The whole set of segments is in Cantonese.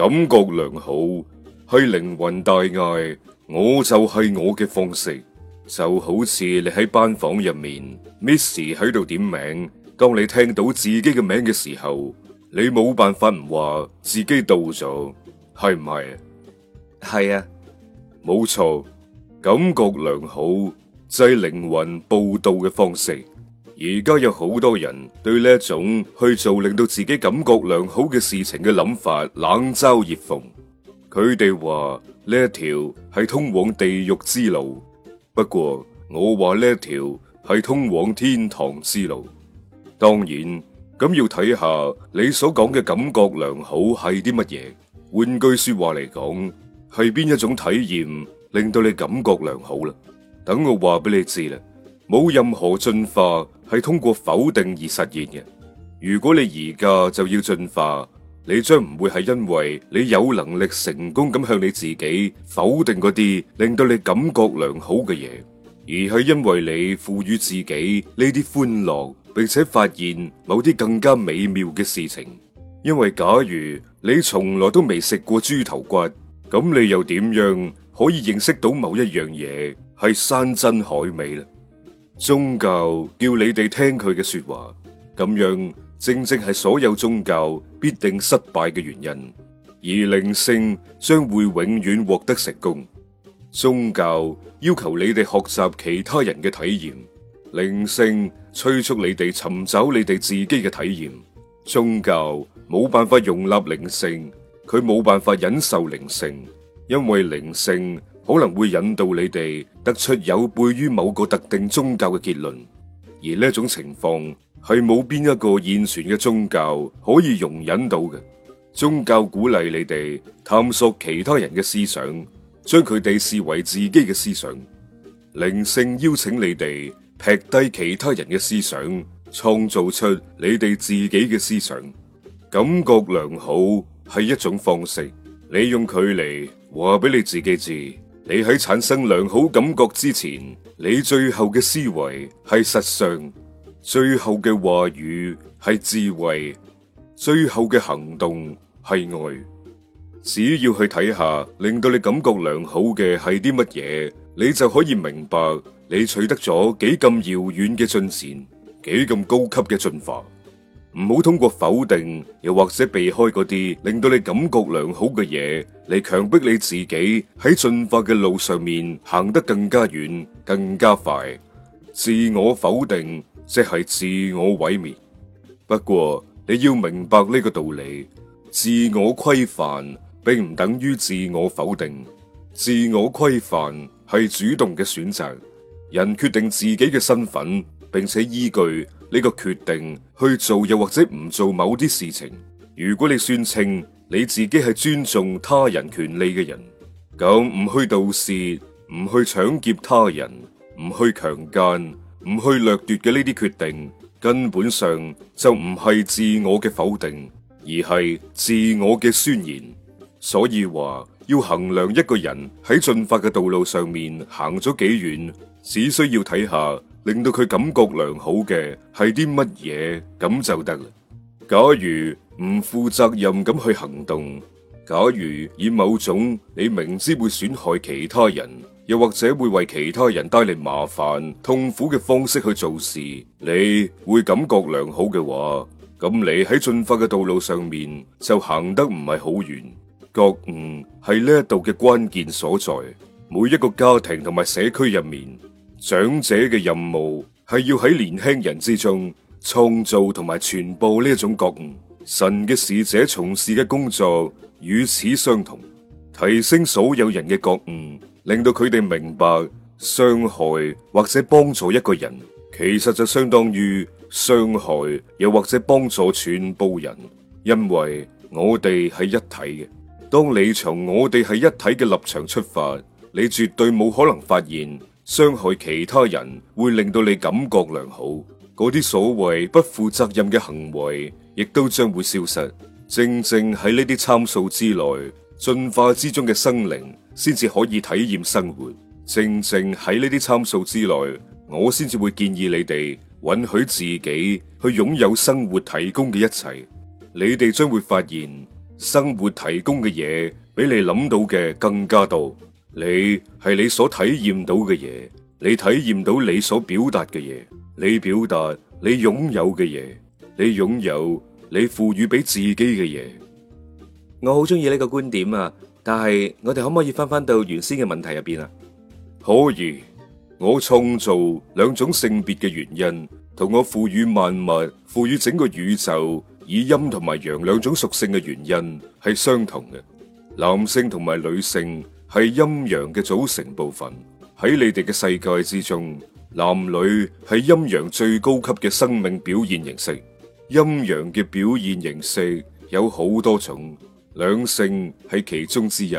感覺良好係靈魂大嗌，我就係我嘅方式，就好似你喺班房入面，Miss 喺度點名，當你聽到自己嘅名嘅時候，你冇辦法唔話自己到咗，係唔係？係啊，冇錯，感覺良好就係靈魂報到嘅方式。而家有好多人對呢一種去做令到自己感覺良好嘅事情嘅諗法冷嘲熱諷，佢哋話呢一條係通往地獄之路。不過我話呢一條係通往天堂之路。當然咁要睇下你所講嘅感覺良好係啲乜嘢。換句說話嚟講，係邊一種體驗令到你感覺良好啦？等我話俾你知啦，冇任何進化。係通過否定而實現嘅。如果你而家就要進化，你將唔會係因為你有能力成功咁向你自己否定嗰啲令到你感覺良好嘅嘢，而係因為你賦予自己呢啲歡樂，並且發現某啲更加美妙嘅事情。因為假如你從來都未食過豬頭骨，咁你又點樣可以認識到某一樣嘢係山珍海味呢？宗教叫你哋聽佢嘅說話，咁樣正正係所有宗教必定失敗嘅原因，而靈性將會永遠獲得成功。宗教要求你哋學習其他人嘅體驗，靈性催促你哋尋找你哋自己嘅體驗。宗教冇辦法容納靈性，佢冇辦法忍受靈性，因為靈性，可能會引導你哋得出有悖於某個特定宗教嘅結論，而呢種情況係冇邊一個現存嘅宗教可以容忍到嘅。宗教鼓勵你哋探索其他人嘅思想，將佢哋視為自己嘅思想。靈性邀請你哋劈低其他人嘅思想，創造出你哋自己嘅思想。感覺良好係一種方式，你用佢嚟話俾你自己知，你喺產生良好感覺之前，你最後嘅思維係實相，最後嘅話語係智慧，最後嘅行動係愛。只要去睇下令到你感覺良好嘅係啲乜嘢，你就可以明白你取得咗幾咁遙遠嘅進展，幾咁高級嘅進化。唔好通過否定，又或者避開嗰啲令到你感覺良好嘅嘢嚟強迫你自己喺進化嘅路上面行得更加遠、更加快。自我否定即係自我毀滅。不過你要明白呢個道理，自我規範並唔等於自我否定。自我規範係主動嘅選擇，人決定自己嘅身份，並且依據呢個決定去做又或者唔做某啲事情，如果你宣稱你自己係尊重他人權利嘅人，咁唔去盜竊、唔去搶劫他人、唔去強姦、唔去掠奪嘅呢啲決定，根本上就唔係自我嘅否定，而係自我嘅宣言。所以話要衡量一個人喺進發嘅道路上面行咗幾遠，只需要睇下。令到佢感覺良好嘅係啲乜嘢，咁就得啦。假如唔負責任咁去行動，假如以某種你明知會損害其他人，又或者會為其他人帶嚟麻煩、痛苦嘅方式去做事，你會感覺良好嘅話，咁你喺進化嘅道路上面就行得唔係好遠。覺悟係呢一度嘅關鍵所在，每一個家庭同埋社區入面。長者嘅任務係要喺年輕人之中創造同埋傳播呢一種覺悟。神嘅使者從事嘅工作與此相同，提升所有人嘅覺悟，令到佢哋明白傷害或者幫助一個人，其實就相當於傷害又或者幫助全部人，因為我哋係一體嘅。當你從我哋係一體嘅立場出發，你絕對冇可能發現。傷害其他人會令到你感覺良好，嗰啲所謂不負責任嘅行為，亦都將會消失。正正喺呢啲參數之內，進化之中嘅生靈，先至可以體驗生活。正正喺呢啲參數之內，我先至會建議你哋允許自己去擁有生活提供嘅一切。你哋將會發現，生活提供嘅嘢比你諗到嘅更加多。你係你所體驗到嘅嘢，你體驗到你所表達嘅嘢，你表達你擁有嘅嘢，你擁有你賦予俾自己嘅嘢。我好中意呢個觀點啊！但係我哋可唔可以翻返到原先嘅問題入邊啊？可以。我創造兩種性別嘅原因，同我賦予萬物、賦予整個宇宙以陰同埋陽兩種屬性嘅原因係相同嘅。男性同埋女性。係陰陽嘅組成部分，喺你哋嘅世界之中，男女係陰陽最高級嘅生命表現形式。陰陽嘅表現形式有好多種，兩性係其中之一。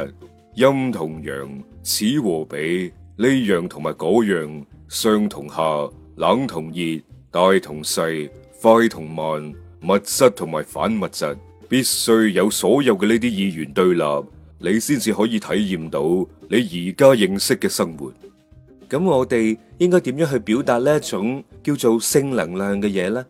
陰同陽，此和彼，呢樣同埋嗰樣，上同下，冷同熱，大同細，快同慢，物質同埋反物質，必須有所有嘅呢啲意念對立，你先至可以體驗到你而家認識嘅生活。咁我哋應該點樣去表達呢一種叫做性能量嘅嘢呢？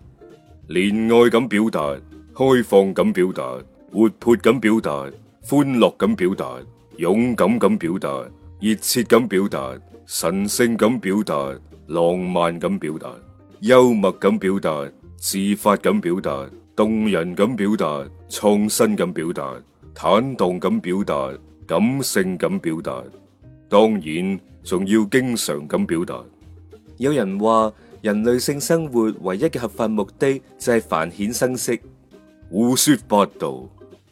戀愛咁表達，開放咁表達，活潑咁表達，歡樂咁表達，勇敢咁表達，熱切咁表達，神聖咁表達，浪漫咁表達，幽默咁表達，自發咁表達，動人咁表達，創新咁表達。坦蕩咁表達，感性咁表達，當然仲要經常咁表達。有人話人類性生活唯一嘅合法目的就係繁衍生息，胡說八道。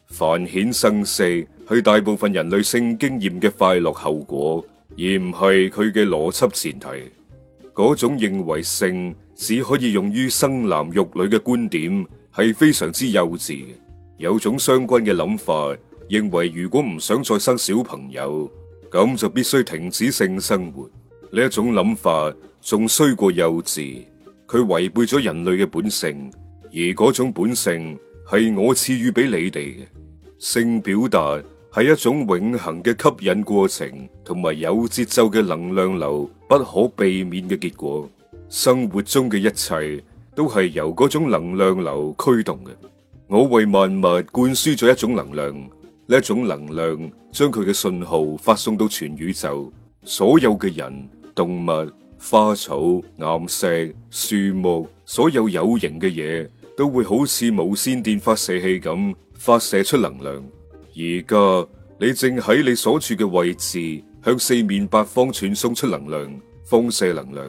繁衍生息係大部分人類性經驗嘅快樂後果，而唔係佢嘅邏輯前提。嗰種認為性只可以用於生男育女嘅觀點係非常之幼稚。有種相關嘅諗法，認為如果唔想再生小朋友，咁就必須停止性生活。呢一種諗法仲衰過幼稚，佢違背咗人類嘅本性，而嗰種本性係我賜予俾你哋嘅。性表達係一種永恆嘅吸引過程、同埋有節奏嘅能量流不可避免嘅結果。生活中嘅一切都係由嗰種能量流驅動嘅。我為萬物灌輸咗一種能量，呢一種能量將佢嘅信號發送到全宇宙，所有嘅人、動物、花草、岩石、樹木，所有有形嘅嘢都會好似無線電發射器咁發射出能量。而家你正喺你所處嘅位置，向四面八方傳送出能量，放射能量。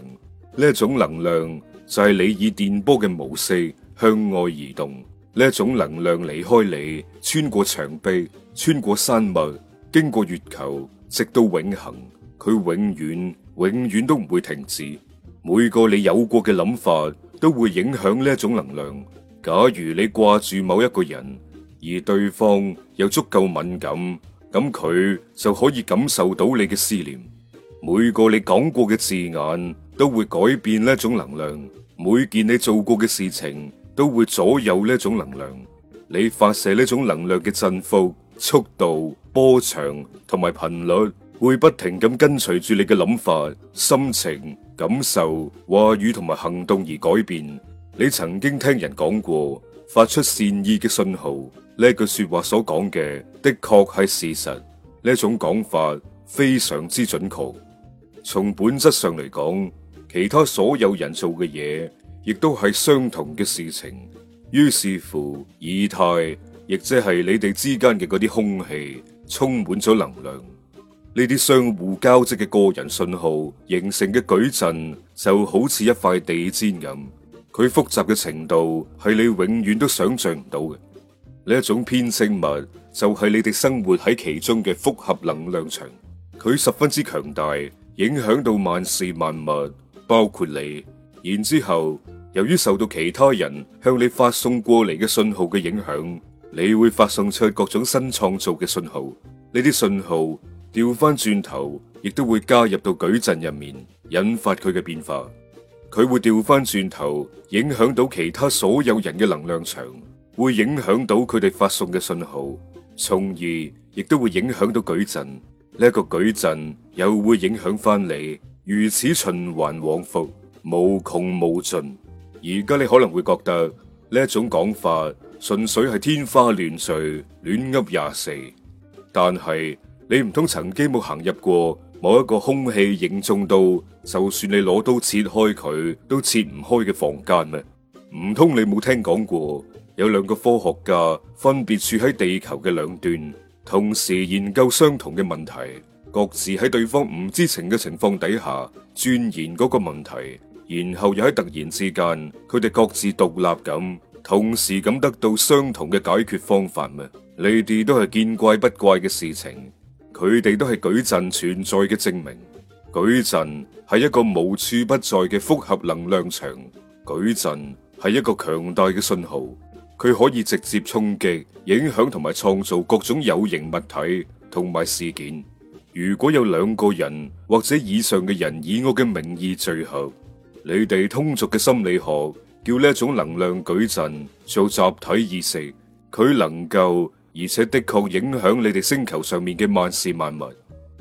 呢一種能量就係你以電波嘅模式向外移動。呢種能量離開你，穿過牆壁，穿過山脈，經過月球，直到永恆。佢永遠永遠都唔會停止。每個你有過嘅諗法都會影響呢種能量。假如你掛住某一個人，而對方又足夠敏感，咁佢就可以感受到你嘅思念。每個你講過嘅字眼都會改變呢種能量。每件你做過嘅事情。都會左右呢種能量，你發射呢種能量嘅振幅、速度、波長同埋頻率，會不停咁跟隨住你嘅諗法、心情、感受、話語同埋行動而改變。你曾經聽人講過，發出善意嘅信號呢句說話所講嘅，的確係事實，呢種講法非常之準確。從本質上嚟講，其他所有人做嘅嘢。亦都係相同嘅事情，於是乎，以太亦即係你哋之間嘅嗰啲空氣充滿咗能量，呢啲相互交織嘅個人信號形成嘅矩陣就好似一塊地氈咁，佢複雜嘅程度係你永遠都想象唔到嘅。呢一種編織物就係、是、你哋生活喺其中嘅複合能量場，佢十分之強大，影響到萬事萬物，包括你。然之後，由於受到其他人向你發送過嚟嘅信號嘅影響，你會發送出各種新創造嘅信號。呢啲信號調翻轉頭，亦都會加入到矩陣入面，引發佢嘅變化。佢會調翻轉頭，影響到其他所有人嘅能量場，會影響到佢哋發送嘅信號，從而亦都會影響到矩陣。呢一個矩陣又會影響翻你，如此循環往復。無窮無盡，而家你可能會覺得呢一種講法純粹係天花亂墜、亂噏廿四，但係你唔通曾經冇行入過某一個空氣凝重到，就算你攞刀切開佢都切唔開嘅房間咩？唔通你冇聽講過有兩個科學家分別處喺地球嘅兩端，同時研究相同嘅問題，各自喺對方唔知情嘅情況底下鑽研嗰個問題？然後又喺突然之間，佢哋各自獨立咁，同時咁得到相同嘅解決方法咩？你哋都係見怪不怪嘅事情，佢哋都係矩陣存在嘅證明。矩陣係一個無處不在嘅複合能量場，矩陣係一個強大嘅信號，佢可以直接衝擊、影響同埋創造各種有形物體同埋事件。如果有兩個人或者以上嘅人以我嘅名義聚合。你哋通俗嘅心理學叫呢一種能量矩陣做集體意識，佢能夠而且的確影響你哋星球上面嘅萬事萬物。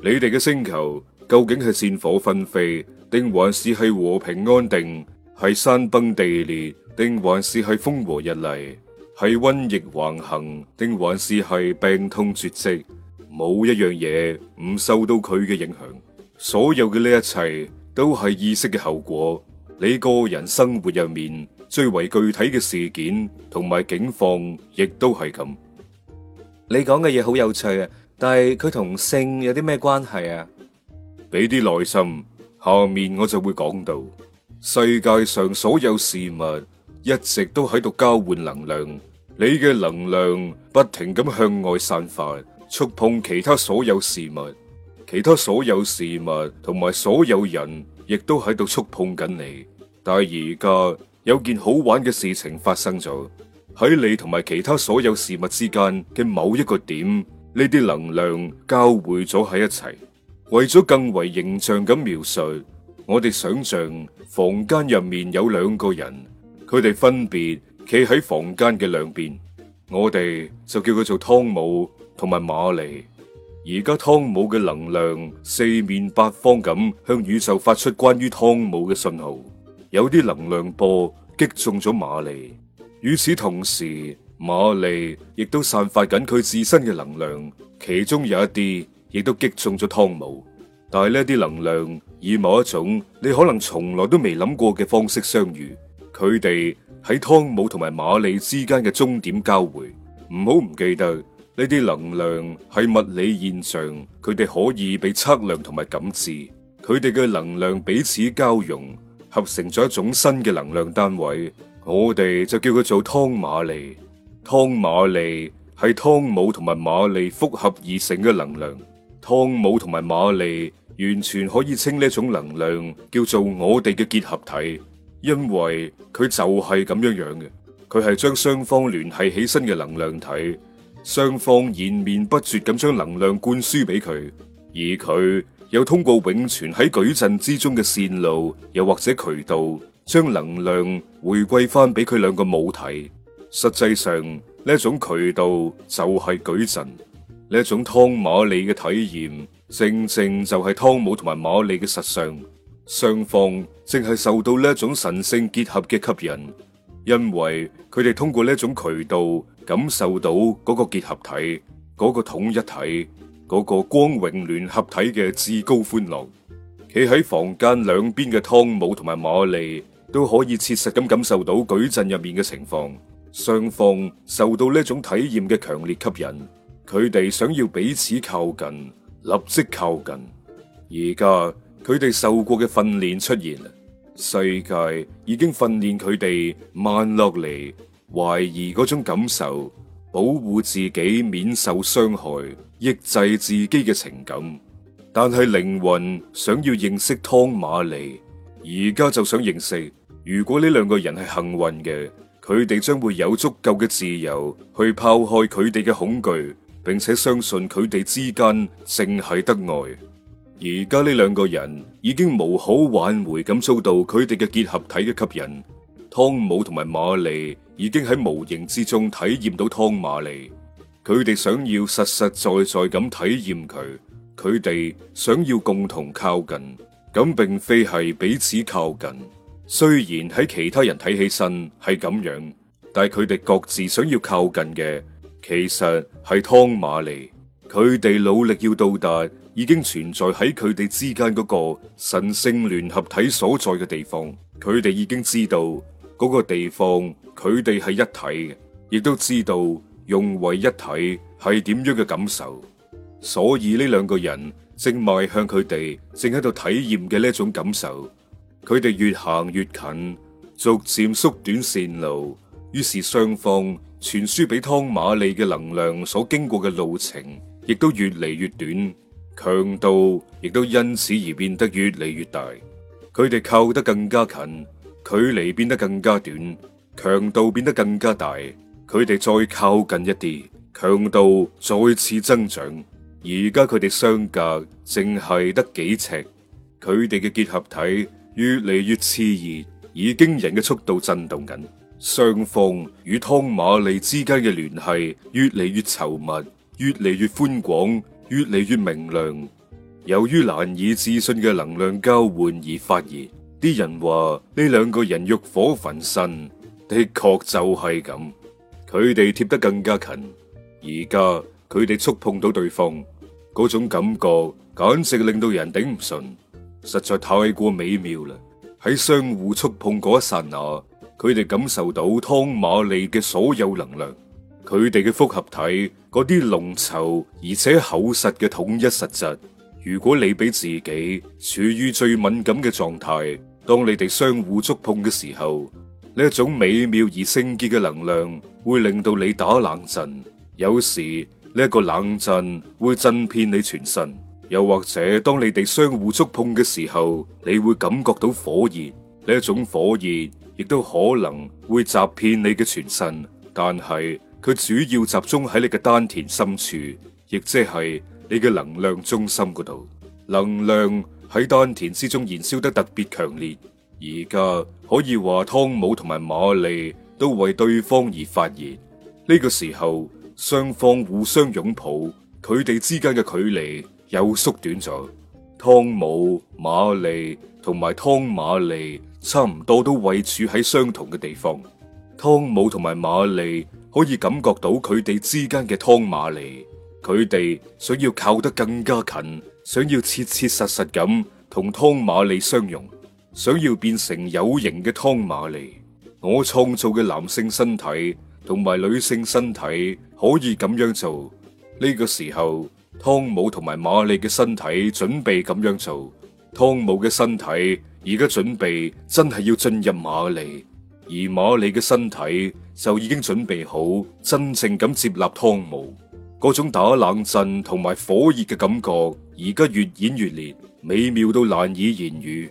你哋嘅星球究竟係戰火紛飛，定還是係和平安定？係山崩地裂，定還是係風和日麗？係瘟疫橫行，定還是係病痛絕跡？冇一樣嘢唔受到佢嘅影響。所有嘅呢一切都係意識嘅後果。你個人生活入面最為具體嘅事件同埋境況，亦都係咁。你講嘅嘢好有趣啊！但係佢同性有啲咩關係啊？俾啲耐心，下面我就會講到。世界上所有事物一直都喺度交換能量，你嘅能量不停咁向外散發，觸碰其他所有事物，其他所有事物同埋所有人，亦都喺度觸碰緊你。但係而家有件好玩嘅事情發生咗，喺你同埋其他所有事物之間嘅某一個點，呢啲能量交匯咗喺一齊。為咗更為形象咁描述，我哋想象房間入面有兩個人，佢哋分別企喺房間嘅兩邊，我哋就叫佢做湯姆同埋瑪麗。而家湯姆嘅能量四面八方咁向宇宙發出關於湯姆嘅信號。有啲能量波擊中咗馬利，與此同時，馬利亦都散發緊佢自身嘅能量，其中有一啲亦都擊中咗湯姆。但係呢啲能量以某一種你可能從來都未諗過嘅方式相遇，佢哋喺湯姆同埋馬利之間嘅終點交匯。唔好唔記得，呢啲能量係物理現象，佢哋可以被測量同埋感知，佢哋嘅能量彼此交融。合成咗一種新嘅能量單位，我哋就叫佢做湯馬利。湯馬利係湯姆同埋馬利複合而成嘅能量。湯姆同埋馬利完全可以稱呢一種能量叫做我哋嘅結合體，因為佢就係咁樣樣嘅。佢係將雙方聯繫起身嘅能量體，雙方延綿不絕咁將能量灌輸俾佢，而佢，又通過永存喺矩陣之中嘅綫路，又或者渠道，將能量回歸翻俾佢兩個母體。實際上呢一種渠道就係矩陣，呢一種湯馬里嘅體驗，正正就係湯姆同埋馬里嘅實相。雙方正係受到呢一種神聖結合嘅吸引，因為佢哋通過呢一種渠道感受到嗰個結合體，嗰個統一體。嗰個光榮聯合體嘅至高歡樂，企喺房間兩邊嘅湯姆同埋瑪麗都可以切實咁感受到矩陣入面嘅情況。雙方受到呢種體驗嘅強烈吸引，佢哋想要彼此靠近，立即靠近。而家佢哋受過嘅訓練出現。世界已經訓練佢哋慢落嚟，懷疑嗰種感受，保護自己免受傷害。抑制自己嘅情感，但係靈魂想要認識湯瑪利，而家就想認識。如果呢兩個人係幸運嘅，佢哋將會有足夠嘅自由去拋開佢哋嘅恐懼，並且相信佢哋之間淨係得愛。而家呢兩個人已經無好挽回，咁遭到佢哋嘅結合體嘅吸引，湯姆同埋瑪利已經喺無形之中體驗到湯瑪利。佢哋想要實實在在咁體驗佢，佢哋想要共同靠近，咁並非係彼此靠近。雖然喺其他人睇起身係咁樣，但係佢哋各自想要靠近嘅，其實係湯瑪尼。佢哋努力要到達已經存在喺佢哋之間嗰個神聖聯合體所在嘅地方。佢哋已經知道嗰、那個地方，佢哋係一體嘅，亦都知道。融為一體係點樣嘅感受？所以呢兩個人正邁向佢哋，正喺度體驗嘅呢一種感受。佢哋越行越近，逐漸縮短線路，於是雙方傳輸俾湯瑪利嘅能量所經過嘅路程，亦都越嚟越短，強度亦都因此而變得越嚟越大。佢哋靠得更加近，距離變得更加短，強度變得更加大。佢哋再靠近一啲，強度再次增長。而家佢哋相隔淨係得幾尺，佢哋嘅結合體越嚟越熾熱，以驚人嘅速度震動緊。雙方與湯瑪利之間嘅聯繫越嚟越稠密，越嚟越寬廣，越嚟越明亮。由於難以置信嘅能量交換而發熱，啲人話呢兩個人欲火焚身，的確就係咁。佢哋貼得更加近，而家佢哋觸碰到對方，嗰種感覺，簡直令到人頂唔順，實在太過美妙啦！喺相互觸碰嗰一剎那，佢哋感受到湯瑪利嘅所有能量，佢哋嘅複合體嗰啲濃稠而且厚實嘅統一實質。如果你俾自己處於最敏感嘅狀態，當你哋相互觸碰嘅時候。呢一種美妙而聖潔嘅能量會令到你打冷震，有時呢一個冷震會震遍你全身，又或者當你哋相互觸碰嘅時候，你會感覺到火熱，呢一種火熱亦都可能會集遍你嘅全身，但係佢主要集中喺你嘅丹田深處，亦即係你嘅能量中心嗰度，能量喺丹田之中燃燒得特別強烈。而家可以話，湯姆同埋瑪麗都為對方而發熱。呢個時候，雙方互相擁抱，佢哋之間嘅距離又縮短咗。湯姆、瑪麗同埋湯瑪麗差唔多都位處喺相同嘅地方。湯姆同埋瑪麗可以感覺到佢哋之間嘅湯瑪麗，佢哋想要靠得更加近，想要切切實實咁同湯瑪麗相擁。想要變成有形嘅湯瑪利，我創造嘅男性身體同埋女性身體可以咁樣做。呢個時候，湯姆同埋瑪麗嘅身體準備咁樣做。湯姆嘅身體而家準備真係要進入瑪麗，而瑪麗嘅身體就已經準備好真正咁接納湯姆。嗰種打冷震同埋火熱嘅感覺而家越演越烈，美妙到難以言喻。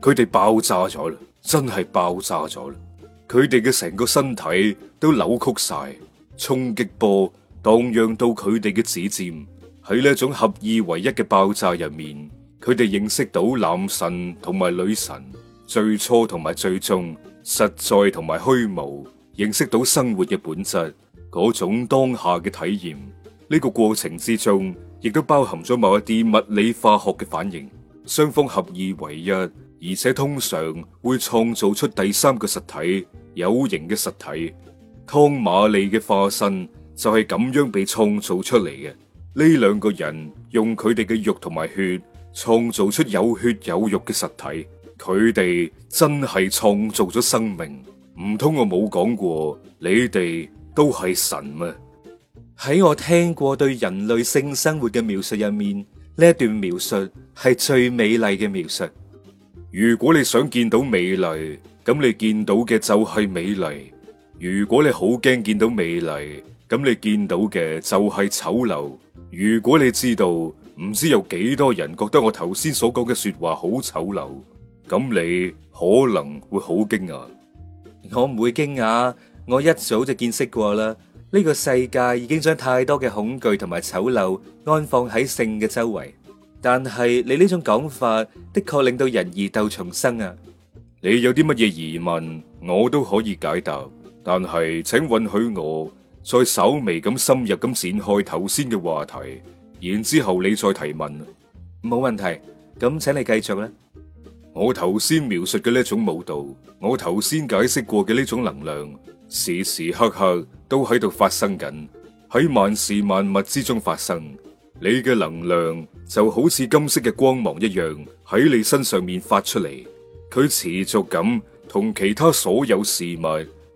佢哋爆炸咗啦，真係爆炸咗啦！佢哋嘅成個身體都扭曲晒，衝擊波盪漾到佢哋嘅指尖。喺呢一種合二為一嘅爆炸入面，佢哋認識到男神同埋女神，最初同埋最終，實在同埋虛無，認識到生活嘅本質嗰種當下嘅體驗。呢個過程之中，亦都包含咗某一啲物理化學嘅反應，雙方合二為一。而且通常會創造出第三個實體，有形嘅實體。湯瑪利嘅化身就係咁樣被創造出嚟嘅。呢兩個人用佢哋嘅肉同埋血創造出有血有肉嘅實體，佢哋真係創造咗生命。唔通我冇講過你哋都係神嗎？喺我聽過對人類性生活嘅描述入面，呢段描述係最美麗嘅描述。如果你想見到美麗，咁你見到嘅就係美麗；如果你好驚見到美麗，咁你見到嘅就係醜陋。如果你知道唔知有幾多人覺得我頭先所講嘅說話好醜陋，咁你可能會好驚訝。我唔會驚訝，我一早就見識過啦。呢個世界已經將太多嘅恐懼同埋醜陋安放喺性嘅周圍。但係你呢種講法的確令到人疑竇叢生啊！你有啲乜嘢疑問，我都可以解答。但係請允許我再稍微咁深入咁展開頭先嘅話題，然之後你再提問。冇問題，咁請你繼續啦。我頭先描述嘅呢一種舞蹈，我頭先解釋過嘅呢種能量，時時刻刻都喺度發生緊，喺萬事萬物之中發生。你嘅能量就好似金色嘅光芒一樣喺你身上面發出嚟，佢持續咁同其他所有事物、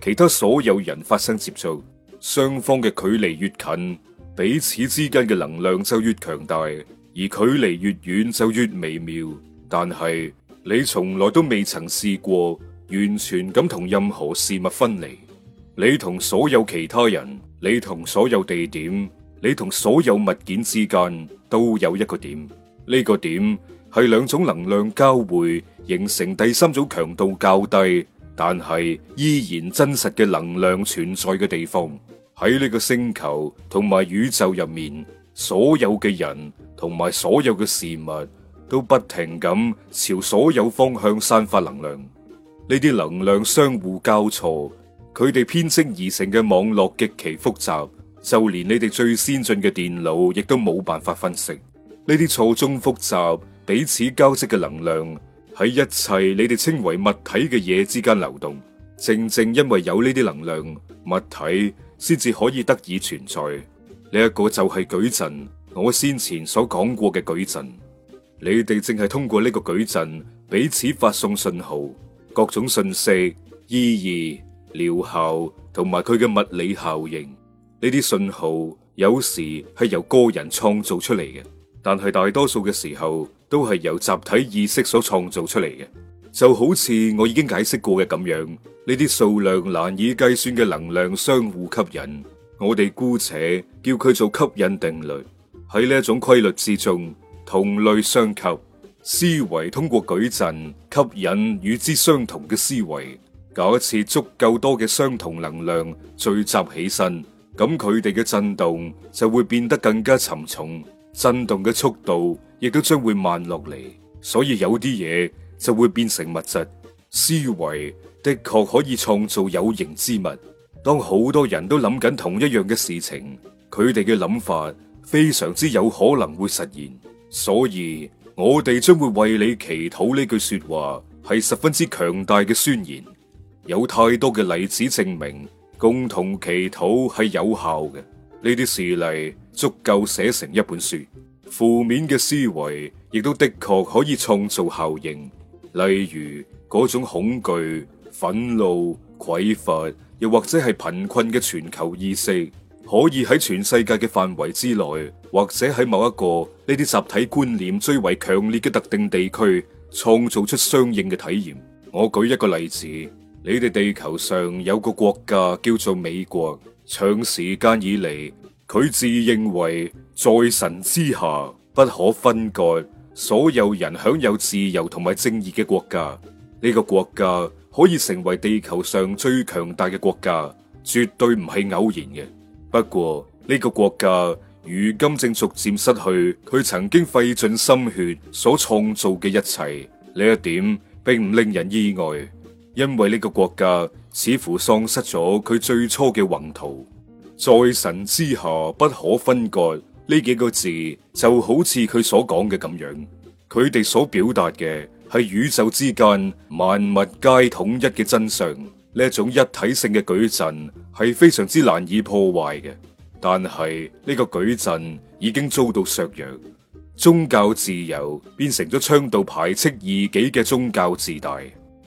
其他所有人發生接觸，雙方嘅距離越近，彼此之間嘅能量就越強大，而距離越遠就越微妙。但係你從來都未曾試過完全咁同任何事物分離，你同所有其他人，你同所有地點。你同所有物件之間都有一個點，呢個點係兩種能量交匯形成第三種強度較低、但係依然真實嘅能量存在嘅地方。喺呢個星球同埋宇宙入面，所有嘅人同埋所有嘅事物都不停咁朝所有方向散發能量。呢啲能量相互交錯，佢哋編織而成嘅網絡極其複雜。就連你哋最先進嘅電腦，亦都冇辦法分析呢啲錯綜複雜、彼此交織嘅能量喺一切你哋稱為物體嘅嘢之間流動。正正因為有呢啲能量，物體先至可以得以存在。呢、這、一個就係矩陣，我先前所講過嘅矩陣。你哋正係通過呢個矩陣彼此發送信號、各種訊息、意義、療效同埋佢嘅物理效應。呢啲信號有時係由個人創造出嚟嘅，但係大多數嘅時候都係由集體意識所創造出嚟嘅。就好似我已經解釋過嘅咁樣，呢啲數量難以計算嘅能量相互吸引，我哋姑且叫佢做吸引定律。喺呢一種規律之中，同類相吸，思維通過矩陣吸引與之相同嘅思維。搞一次足夠多嘅相同能量聚集起身。咁佢哋嘅震動就會變得更加沉重，震動嘅速度亦都將會慢落嚟，所以有啲嘢就會變成物質。思維的確可以創造有形之物。當好多人都諗緊同一樣嘅事情，佢哋嘅諗法非常之有可能會實現。所以我哋將會為你祈禱，呢句說話係十分之強大嘅宣言。有太多嘅例子證明。共同祈禱係有效嘅，呢啲事例足夠寫成一本書。負面嘅思維亦都的確可以創造效應，例如嗰種恐懼、憤怒、匱乏，又或者係貧困嘅全球意識，可以喺全世界嘅範圍之內，或者喺某一個呢啲集體觀念最為強烈嘅特定地區，創造出相應嘅體驗。我舉一個例子。你哋地球上有個國家叫做美國，長時間以嚟，佢自認為在神之下不可分割，所有人享有自由同埋正義嘅國家。呢個國家可以成為地球上最強大嘅國家，絕對唔係偶然嘅。不過呢個國家如今正逐漸失去佢曾經費盡心血所創造嘅一切，呢一點並唔令人意外。因為呢個國家似乎喪失咗佢最初嘅宏圖，在神之下不可分割，呢幾個字就好似佢所講嘅咁樣，佢哋所表達嘅係宇宙之間萬物皆統一嘅真相，呢一種一體性嘅矩陣係非常之難以破壞嘅。但係呢個矩陣已經遭到削弱，宗教自由變成咗倡導排斥異己嘅宗教自大。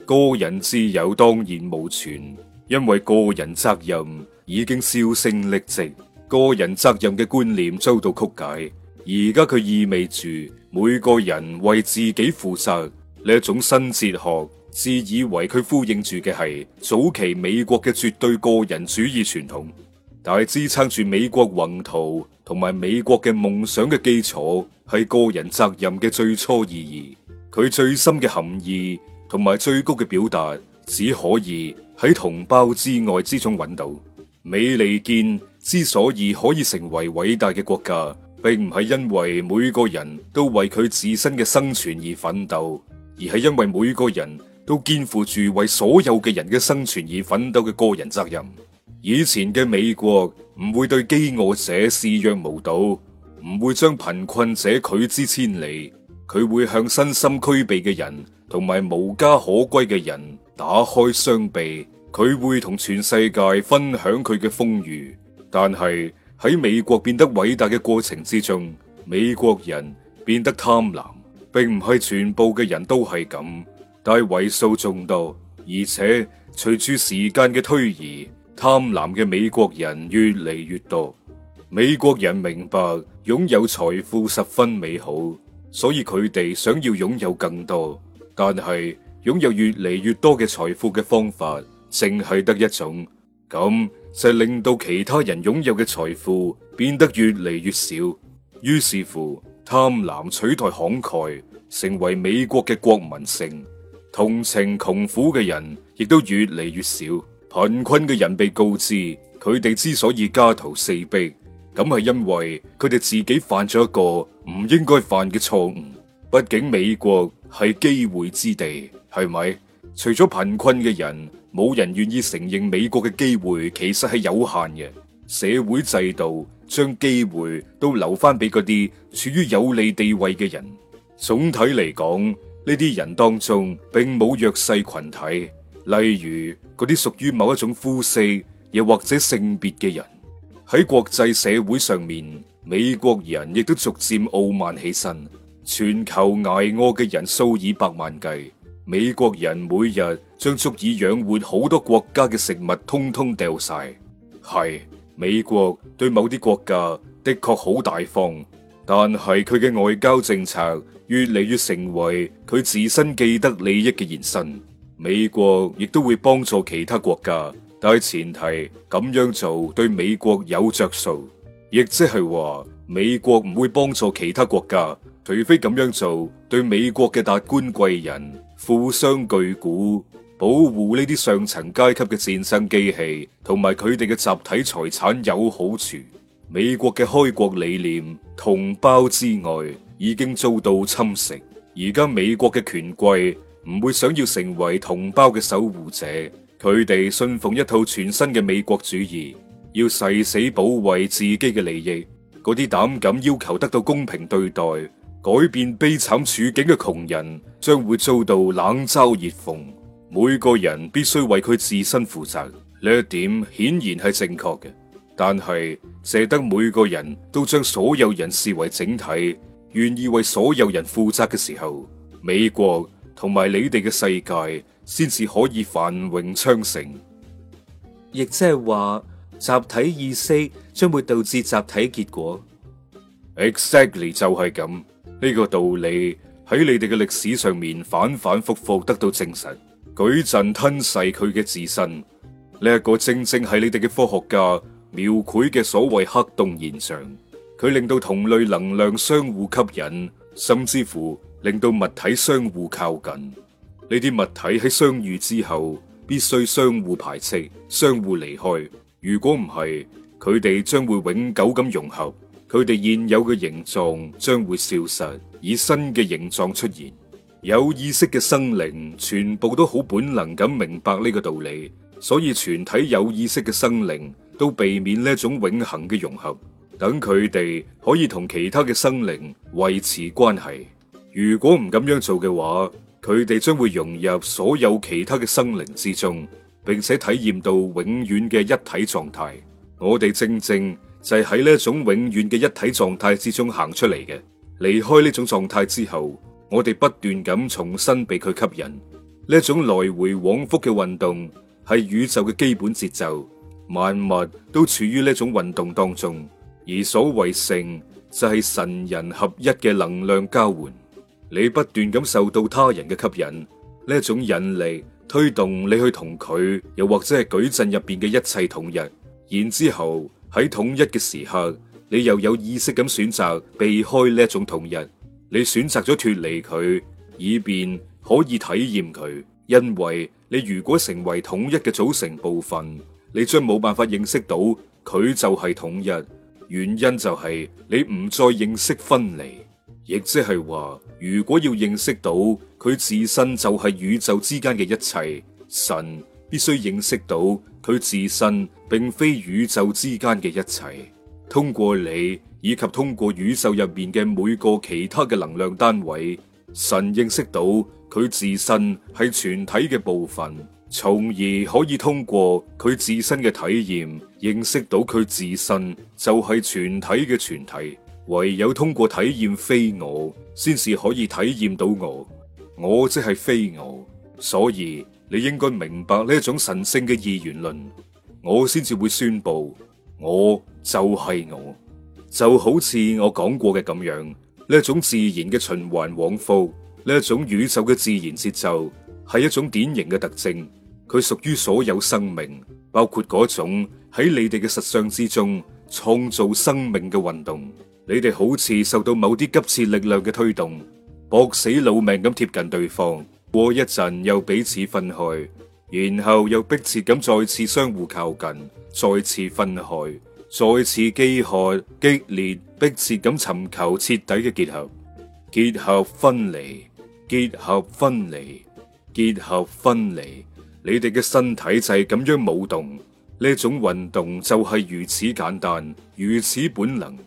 個人自由當然無存，因為個人責任已經銷聲匿跡。個人責任嘅觀念遭到曲解，而家佢意味住每個人為自己負責。呢一種新哲學，自以為佢呼應住嘅係早期美國嘅絕對個人主義傳統，但係支撐住美國宏圖同埋美國嘅夢想嘅基礎，係個人責任嘅最初意義，佢最深嘅含義。同埋最高嘅表達，只可以喺同胞之愛之中揾到。美利堅之所以可以成為偉大嘅國家，並唔係因為每個人都為佢自身嘅生存而奮鬥，而係因為每個人都肩負住為所有嘅人嘅生存而奮鬥嘅個人責任。以前嘅美國唔會對飢餓者視若無睹，唔會將貧困者拒之千里。佢會向身心俱備嘅人同埋無家可歸嘅人打開雙臂，佢會同全世界分享佢嘅風雨。但係喺美國變得偉大嘅過程之中，美國人變得貪婪，並唔係全部嘅人都係咁，但係為數眾多，而且隨住時間嘅推移，貪婪嘅美國人越嚟越多。美國人明白，擁有財富十分美好。所以佢哋想要擁有更多，但係擁有越嚟越多嘅財富嘅方法，淨係得一種，咁就令到其他人擁有嘅財富變得越嚟越少。於是乎，貪婪取代慷慨，成為美國嘅國民性，同情窮苦嘅人亦都越嚟越少。貧困嘅人被告知，佢哋之所以家徒四壁。咁係因為佢哋自己犯咗一個唔應該犯嘅錯誤。畢竟美國係機會之地，係咪？除咗貧困嘅人，冇人願意承認美國嘅機會其實係有限嘅。社會制度將機會都留翻俾嗰啲處於有利地位嘅人。總體嚟講，呢啲人當中並冇弱勢群體，例如嗰啲屬於某一種膚色，又或者性別嘅人。喺國際社會上面，美國人亦都逐漸傲慢起身。全球捱餓嘅人數以百萬計，美國人每日將足以養活好多國家嘅食物通通掉晒。係，美國對某啲國家的確好大方，但係佢嘅外交政策越嚟越成為佢自身既得利益嘅延伸。美國亦都會幫助其他國家。但係前提，咁樣做對美國有着數，亦即係話美國唔會幫助其他國家，除非咁樣做對美國嘅達官貴人、富商巨賈保護呢啲上層階級嘅戰爭機器同埋佢哋嘅集體財產有好處。美國嘅開國理念，同胞之外已經遭到侵蝕，而家美國嘅權貴唔會想要成為同胞嘅守護者。佢哋信奉一套全新嘅美國主義，要誓死保衛自己嘅利益。嗰啲膽敢要求得到公平對待、改變悲慘處境嘅窮人，將會遭到冷嘲熱諷。每個人必須為佢自身負責，呢一點顯然係正確嘅。但係借得每個人都將所有人視為整體，願意為所有人負責嘅時候，美國同埋你哋嘅世界先至可以繁榮昌盛，亦即係話集體意識將會導致集體結果。Exactly，就係咁。呢個道理喺你哋嘅歷史上面反反复覆得到證實。舉陣吞噬佢嘅自身呢一個正正係你哋嘅科學家描繪嘅所謂黑洞現象，佢令到同類能量相互吸引，甚至乎令到物體相互靠近。呢啲物體喺相遇之後，必須相互排斥、相互離開。如果唔係，佢哋將會永久咁融合，佢哋現有嘅形狀將會消失，以新嘅形狀出現。有意識嘅生靈全部都好本能咁明白呢個道理，所以全體有意識嘅生靈都避免呢種永恆嘅融合，等佢哋可以同其他嘅生靈維持關係。如果唔咁樣做嘅話，佢哋將會融入所有其他嘅生靈之中，並且體驗到永遠嘅一體狀態。我哋正正就係喺呢一種永遠嘅一體狀態之中行出嚟嘅。離開呢種狀態之後，我哋不斷咁重新被佢吸引。呢一種來回往復嘅運動係宇宙嘅基本節奏，萬物都處於呢一種運動當中。而所謂性，就係神人合一嘅能量交換。你不斷咁受到他人嘅吸引，呢一種引力推動你去同佢，又或者係矩陣入邊嘅一切統一。然之後喺統一嘅時刻，你又有意識咁選擇避開呢一種統一。你選擇咗脫離佢，以便可以體驗佢。因為你如果成為統一嘅組成部分，你將冇辦法認識到佢就係統一。原因就係你唔再認識分離。亦即係話，如果要認識到佢自身就係宇宙之間嘅一切，神必須認識到佢自身並非宇宙之間嘅一切。通過你，以及通過宇宙入面嘅每個其他嘅能量單位，神認識到佢自身係全體嘅部分，從而可以通過佢自身嘅體驗，認識到佢自身就係全體嘅全體。唯有通過體驗非我，先至可以體驗到我。我即係非我，所以你應該明白呢一種神聖嘅二元論。我先至會宣佈我就係我，就好似我講過嘅咁樣。呢一種自然嘅循環往復，呢一種宇宙嘅自然節奏，係一種典型嘅特徵。佢屬於所有生命，包括嗰種喺你哋嘅實相之中創造生命嘅運動。你哋好似受到某啲急切力量嘅推動，搏死老命咁貼近對方，過一陣又彼此分開，然後又迫切咁再次相互靠近，再次分開，再次飢渴、激烈、迫切咁尋求徹底嘅結合，結合分離，結合分離，結合分離，你哋嘅身體就係咁樣舞動，呢種運動就係如此簡單，如此本能。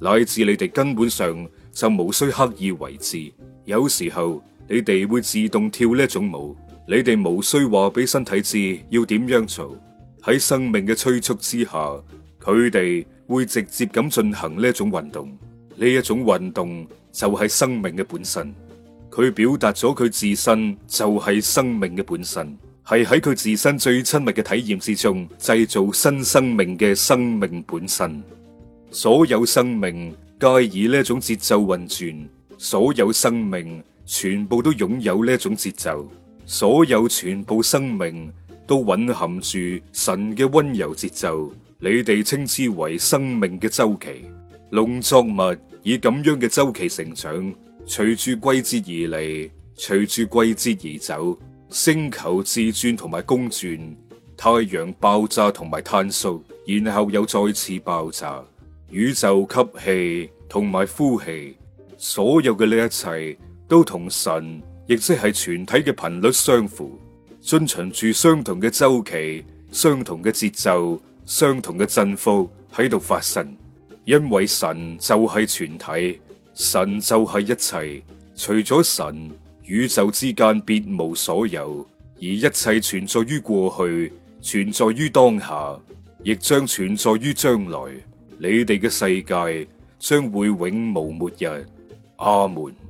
乃至你哋根本上就無需刻意為之，有時候你哋會自動跳呢一種舞，你哋無需話俾身體知要點樣做。喺生命嘅催促之下，佢哋會直接咁進行呢一種運動。呢一種運動就係生命嘅本身，佢表達咗佢自身就係生命嘅本身，係喺佢自身最親密嘅體驗之中製造新生命嘅生命本身。所有生命皆以呢一種節奏運轉，所有生命全部都擁有呢一種節奏，所有全部生命都蘊含住神嘅温柔節奏。你哋稱之為生命嘅周期。農作物以咁樣嘅周期成長，隨住季節而嚟，隨住季節而走。星球自轉同埋公轉，太陽爆炸同埋碳素，然後又再次爆炸。宇宙吸氣同埋呼氣，所有嘅呢一切都同神，亦即係全體嘅頻率相符，遵循住相同嘅週期、相同嘅節奏、相同嘅振幅喺度發生。因為神就係全體，神就係一切。除咗神，宇宙之間別無所有，而一切存在於過去，存在於當下，亦將存在於將來。你哋嘅世界將會永無末日，阿門。